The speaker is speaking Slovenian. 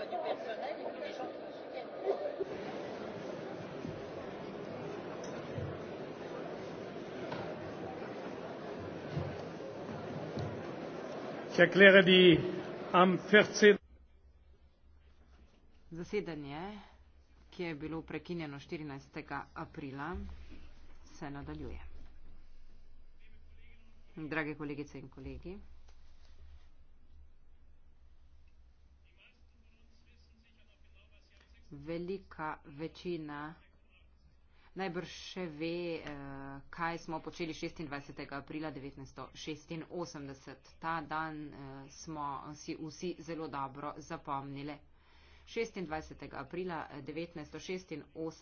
soit du personnel et puis des gens qui nous soutiennent. Erkläre die am 14. Zasedanje, ki je bilo prekinjeno 14. aprila, se nadaljuje. Drage kolegice in kolegi. velika večina najbrž še ve, eh, kaj smo počeli 26. aprila 1986. Ta dan eh, smo si vsi zelo dobro zapomnili. 26. aprila 1986.